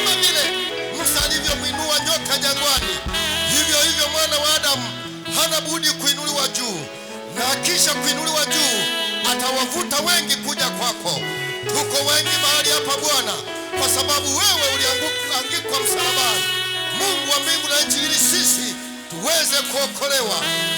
Kama vile Musa alivyomwinua nyoka jangwani, hivyo hivyo mwana wa Adamu hana budi kuinuliwa juu, na akisha kuinuliwa juu atawavuta wengi kuja kwako. Tuko wengi mahali hapa Bwana, kwa sababu wewe uliangikwa msalabani. Mungu wa mbingu na nchi, ili sisi tuweze kuokolewa.